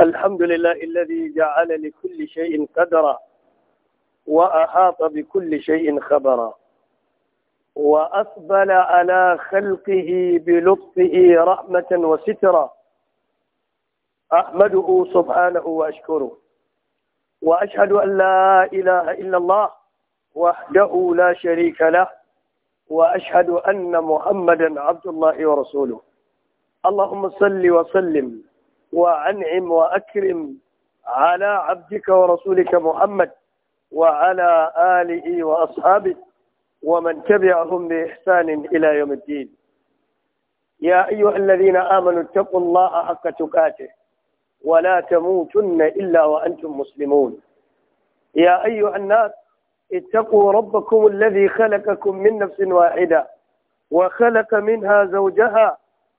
الحمد لله الذي جعل لكل شيء قدرا وأحاط بكل شيء خبرا وأقبل على خلقه بلطفه رحمة وسترا أحمده سبحانه وأشكره وأشهد أن لا إله إلا الله وحده لا شريك له وأشهد أن محمدا عبد الله ورسوله اللهم صل وسلم وأنعم وأكرم على عبدك ورسولك محمد وعلى آله وأصحابه ومن تبعهم بإحسان إلى يوم الدين يا أيها الذين آمنوا اتقوا الله حق تقاته ولا تموتن إلا وأنتم مسلمون يا أيها الناس اتقوا ربكم الذي خلقكم من نفس واحدة وخلق منها زوجها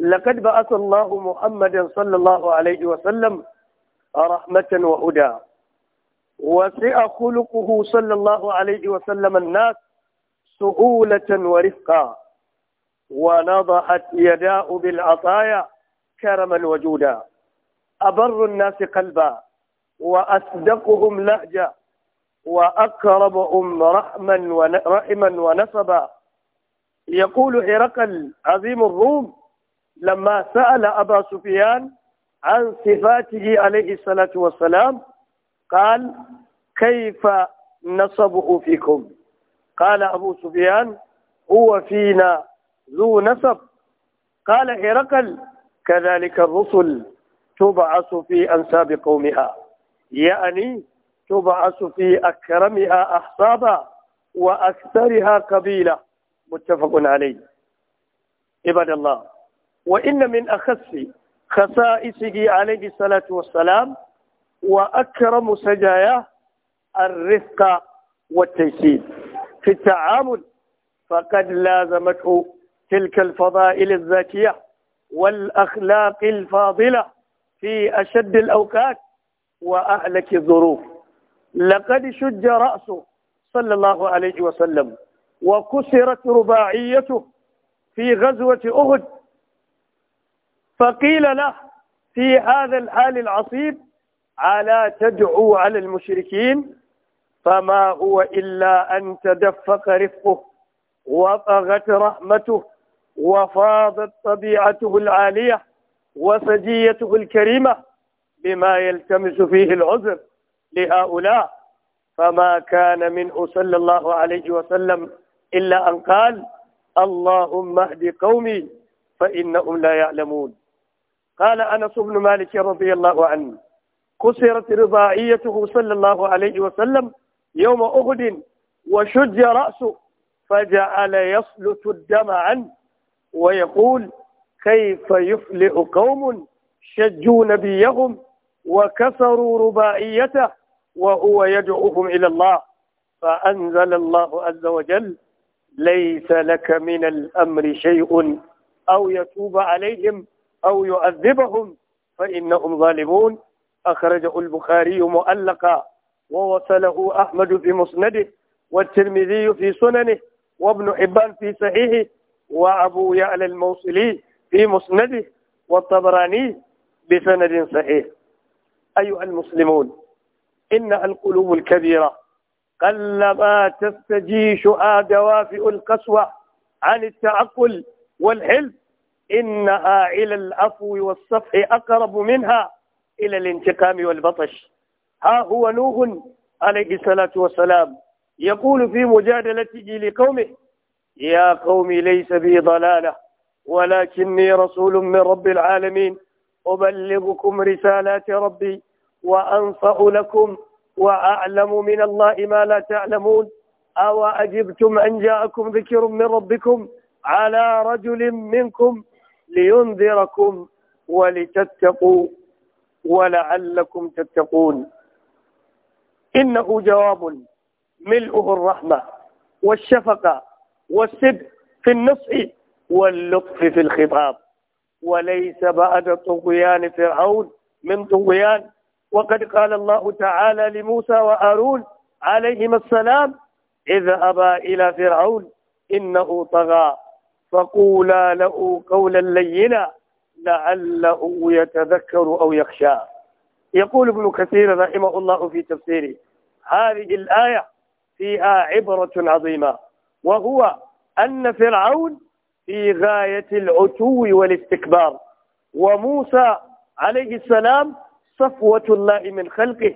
لقد بعث الله محمدا صلى الله عليه وسلم رحمة وهدى وسع خلقه صلى الله عليه وسلم الناس سهولة ورفقا ونضحت يداه بالعطايا كرما وجودا أبر الناس قلبا وأصدقهم لهجا وأقربهم رحما ونصبا يقول هرقل عظيم الروم لما سأل أبا سفيان عن صفاته عليه الصلاة والسلام قال كيف نصبه فيكم قال أبو سفيان هو فينا ذو نسب قال هرقل كذلك الرسل تبعث في أنساب قومها يعني تبعث في أكرمها أحصابا وأكثرها قبيلة متفق عليه عباد الله وإن من أخف خصائصه عليه الصلاة والسلام وأكرم سجاياه الرفق والتيسير في التعامل فقد لازمته تلك الفضائل الزاكية والأخلاق الفاضلة في أشد الأوقات وأهلك الظروف لقد شج رأسه صلى الله عليه وسلم وكسرت رباعيته في غزوة أهد فقيل له في هذا الحال العصيب على تدعو على المشركين فما هو إلا أن تدفق رفقه وطغت رحمته وفاضت طبيعته العالية وسجيته الكريمة بما يلتمس فيه العذر لهؤلاء فما كان منه صلى الله عليه وسلم إلا أن قال اللهم اهد قومي فإنهم لا يعلمون قال أنس بن مالك رضي الله عنه كسرت رضائيته صلى الله عليه وسلم يوم أهد وشج رأسه فجعل يسلت الدم عنه ويقول كيف يفلئ قوم شجوا نبيهم وكسروا رباعيته وهو يدعوهم إلى الله فأنزل الله عز وجل ليس لك من الأمر شيء أو يتوب عليهم أو يؤذبهم فإنهم ظالمون أخرجه البخاري مؤلقا ووصله أحمد في مسنده والترمذي في سننه وابن حبان في صحيحه وأبو يعلى الموصلي في مسنده والطبراني بسند صحيح أيها المسلمون إنها القلوب الكبيرة قلما تستجيش آدوافئ دوافئ القسوة عن التعقل والحلم إنها إلى العفو والصفح أقرب منها إلى الانتقام والبطش ها هو نوح عليه الصلاة والسلام يقول في مجادلته لقومه يا قوم ليس بي ضلالة ولكني رسول من رب العالمين أبلغكم رسالات ربي وأنصح لكم وأعلم من الله ما لا تعلمون أو أجبتم أن جاءكم ذكر من ربكم على رجل منكم لينذركم ولتتقوا ولعلكم تتقون إنه جواب ملؤه الرحمة والشفقة والسب في النصح واللطف في الخطاب وليس بعد طغيان فرعون من طغيان وقد قال الله تعالى لموسى وآرون عليهما السلام اذهبا إلى فرعون إنه طغى فقولا له قولا لينا لعله يتذكر أو يخشى يقول ابن كثير رحمه الله في تفسيره هذه الآية فيها عبرة عظيمة وهو أن فرعون في غاية العتو والاستكبار وموسى عليه السلام صفوة الله من خلقه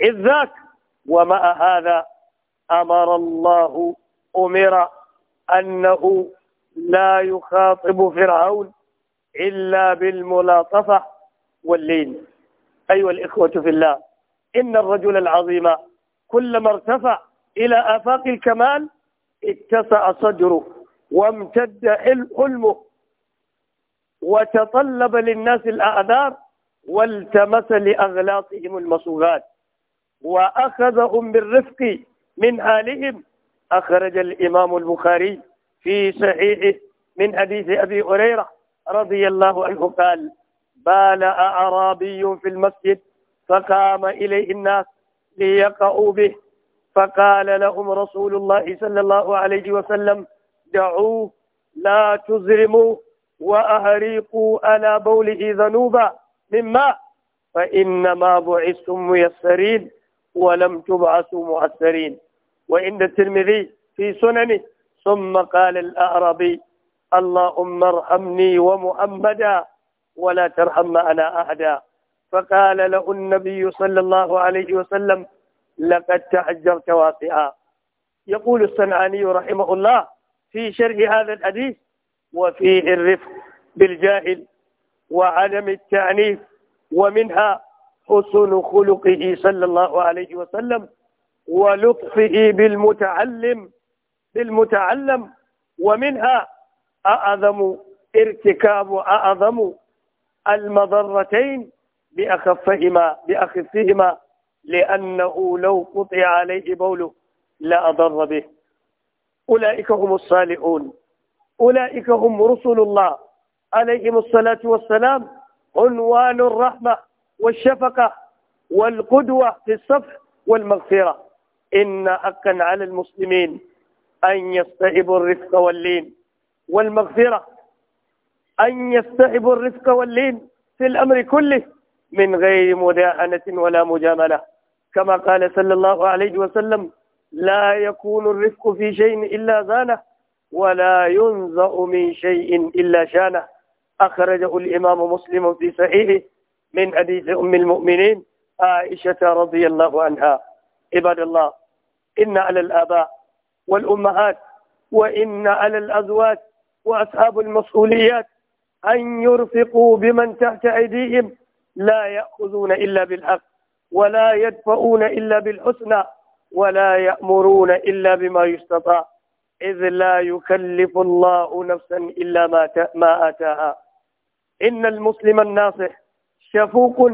إذ ذاك ومع هذا أمر الله أمر أنه لا يخاطب فرعون إلا بالملاطفة واللين أيها الإخوة في الله إن الرجل العظيم كلما ارتفع إلى آفاق الكمال اتسع صدره وامتد حلمه وتطلب للناس الأعذار والتمس لأغلاطهم المصوغات وأخذهم بالرفق من حالهم أخرج الإمام البخاري في صحيحه من حديث أبي هريرة رضي الله عنه قال بالأ أعرابي في المسجد فقام إليه الناس ليقعوا به فقال لهم رسول الله صلى الله عليه وسلم دعوه لا تزرموا وأهريقوا على بوله ذنوبا مما فإنما بعثتم ميسرين ولم تبعثوا معسرين وإن الترمذي في سننه ثم قال الأعرابي اللهم ارحمني ومحمدا ولا ترحم أنا أحدا فقال له النبي صلى الله عليه وسلم لقد تحجرت واقعا يقول الصنعاني رحمه الله في شرح هذا الحديث وفيه الرفق بالجاهل وعدم التعنيف ومنها حسن خلقه صلى الله عليه وسلم ولطفه بالمتعلم للمتعلم ومنها أعظم ارتكاب أعظم المضرتين بأخفهما بأخفهما لأنه لو قطع عليه بوله لأضر به أولئك هم الصالحون أولئك هم رسل الله عليهم الصلاة والسلام عنوان الرحمة والشفقة والقدوة في الصف والمغفرة إن حقا على المسلمين أن يستحبوا الرفق واللين والمغفرة أن يستحبوا الرفق واللين في الأمر كله من غير مداهنة ولا مجاملة كما قال صلى الله عليه وسلم لا يكون الرفق في شيء إلا زانه ولا ينزأ من شيء إلا شانه أخرجه الإمام مسلم في صحيحه من حديث أم المؤمنين عائشة رضي الله عنها عباد الله إن على الآباء والأمهات وإن على الأزواج وأصحاب المسؤوليات أن يرفقوا بمن تحت أيديهم لا يأخذون إلا بالحق ولا يدفعون إلا بالحسنى ولا يأمرون إلا بما يستطاع إذ لا يكلف الله نفسا إلا ما ما آتاها إن المسلم الناصح شفوق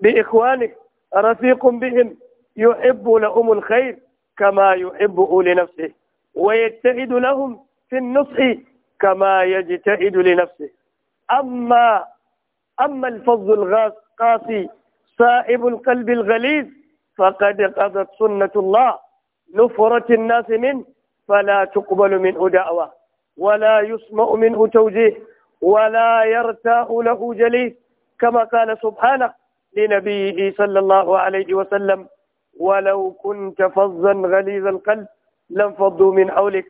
بإخوانه رفيق بهم يحب لهم الخير كما يحبه لنفسه ويجتهد لهم في النصح كما يجتهد لنفسه أما أما الفظ القاسي صائب القلب الغليظ فقد قضت سنة الله نفرت الناس منه فلا تقبل منه دعوة ولا يسمع منه توجيه ولا يرتاح له جليس كما قال سبحانه لنبيه صلى الله عليه وسلم ولو كنت فظا غليظ القلب لانفضوا من حولك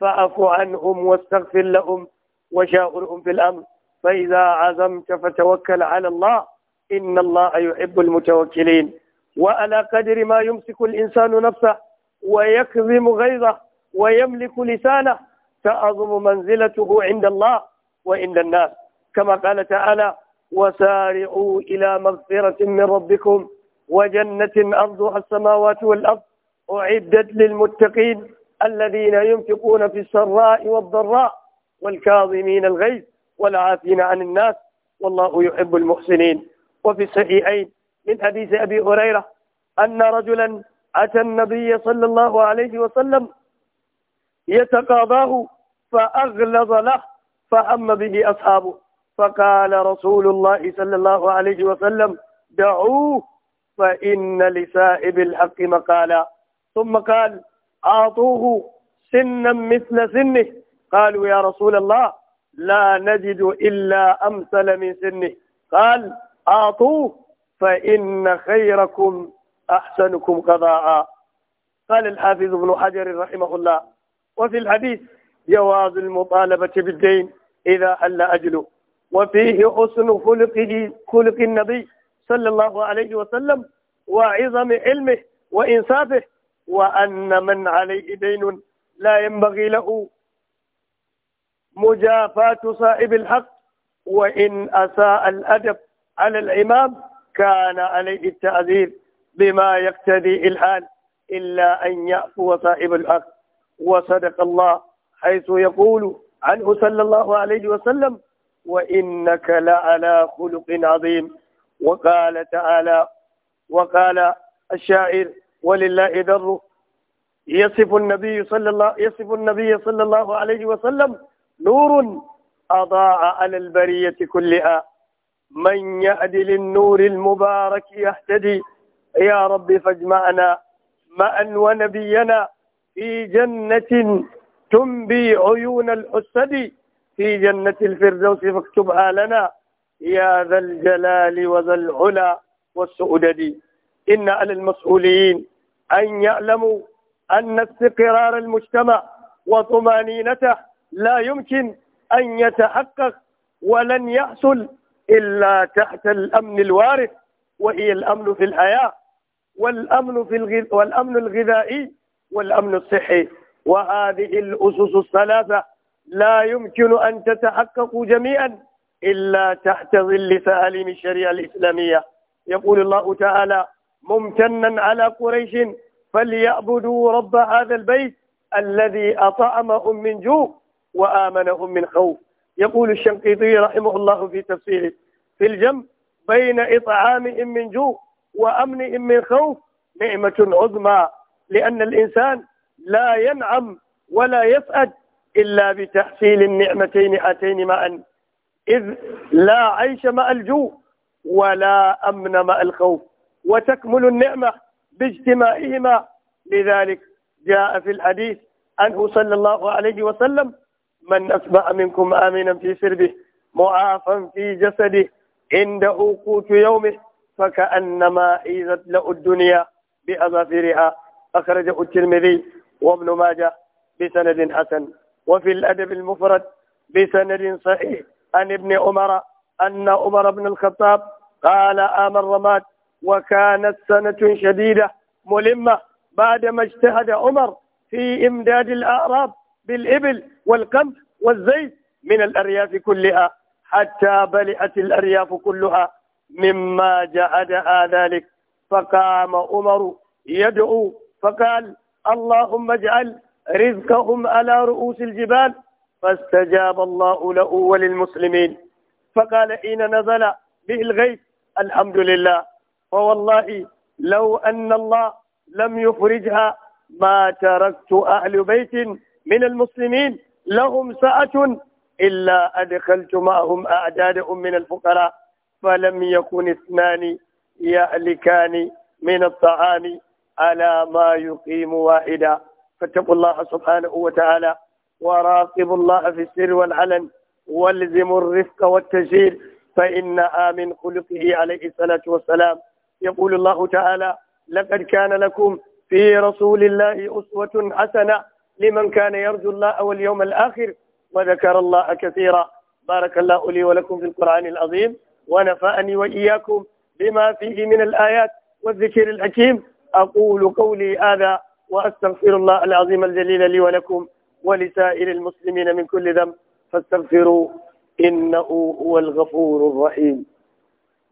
فاعف عنهم واستغفر لهم وشاورهم في الأمر فإذا عزمت فتوكل على الله إن الله يحب المتوكلين وعلى قدر ما يمسك الإنسان نفسه ويكظم غيظه ويملك لسانه تعظم منزلته عند الله وعند الناس كما قال تعالى وسارعوا إلى مغفرة من ربكم وجنة أرضها السماوات والأرض أعدت للمتقين الذين ينفقون في السراء والضراء والكاظمين الغيظ والعافين عن الناس والله يحب المحسنين وفي الصحيحين من حديث أبي هريرة أن رجلا أتى النبي صلى الله عليه وسلم يتقاضاه فأغلظ له فأم به أصحابه فقال رسول الله صلى الله عليه وسلم دعوه فإن لسائب الحق مقالا ثم قال أعطوه سنا مثل سنه قالوا يا رسول الله لا نجد إلا أمثل من سنه قال أعطوه فإن خيركم أحسنكم قضاء قال الحافظ ابن حجر رحمه الله وفي الحديث جواز المطالبة بالدين إذا حل أجله وفيه حسن خلقه خلق النبي صلى الله عليه وسلم وعظم علمه وإنصافه وأن من عليه دين لا ينبغي له مجافاة صائب الحق وإن أساء الأدب على الإمام كان عليه التعذير بما يقتدي الحال إلا أن يعفو صائب الحق وصدق الله حيث يقول عنه صلى الله عليه وسلم وإنك لعلى خلق عظيم وقال تعالى وقال الشاعر ولله در يصف النبي صلى الله يصف النبي صلى الله عليه وسلم نور أضاء على البرية كلها من يعدل النور المبارك يهتدي يا رب فاجمعنا معا ونبينا في جنة تنبي عيون الحسد في جنة الفردوس فاكتبها لنا يا ذا الجلال وذا العلا والسؤدد إن على المسؤولين أن يعلموا أن استقرار المجتمع وطمانينته لا يمكن أن يتحقق ولن يحصل إلا تحت الأمن الوارث وهي الأمن في الحياة والأمن, في الغذ... والأمن الغذائي والأمن الصحي وهذه الأسس الثلاثة لا يمكن أن تتحقق جميعا إلا تحت ظل فألم الشريعة الإسلامية يقول الله تعالى ممتنا على قريش فليعبدوا رب هذا البيت الذي أطعمهم من جوع وآمنهم من خوف يقول الشنقيطي رحمه الله في تفسيره في الجمع بين إطعامهم من جوع وأمنهم من خوف نعمة عظمى لأن الإنسان لا ينعم ولا يسعد إلا بتحصيل النعمتين هاتين معا إذ لا عيش مع الجوع ولا أمن مع الخوف وتكمل النعمة باجتماعهما لذلك جاء في الحديث عنه صلى الله عليه وسلم من أصبح منكم آمنا في سربه معافا في جسده عنده قوت يومه فكأنما إذت له الدنيا بأظافرها أخرجه الترمذي وابن ماجه بسند حسن وفي الأدب المفرد بسند صحيح عن ابن عمر أن عمر بن الخطاب قال آم الرماد وكانت سنة شديدة ملمة بعدما اجتهد عمر في إمداد الأعراب بالإبل والقمح والزيت من الأرياف كلها حتى بلئت الأرياف كلها مما جعدها ذلك فقام عمر يدعو فقال اللهم اجعل رزقهم على رؤوس الجبال فاستجاب الله له وللمسلمين فقال حين نزل به الغيث الحمد لله فوالله لو أن الله لم يخرجها ما تركت أهل بيت من المسلمين لهم سعة إلا أدخلت معهم أعدادهم من الفقراء فلم يكن اثنان يألكان من الطعام على ما يقيم واحدا فاتقوا الله سبحانه وتعالى وراقبوا الله في السر والعلن والزموا الرفق والتجهيل فإن من خلقه عليه الصلاة والسلام يقول الله تعالى لقد كان لكم في رسول الله أسوة حسنة لمن كان يرجو الله واليوم الآخر وذكر الله كثيرا بارك الله لي ولكم في القرآن العظيم ونفأني وإياكم بما فيه من الآيات والذكر الحكيم أقول قولي هذا وأستغفر الله العظيم الجليل لي ولكم ولسائر المسلمين من كل ذنب فاستغفروا إنه هو الغفور الرحيم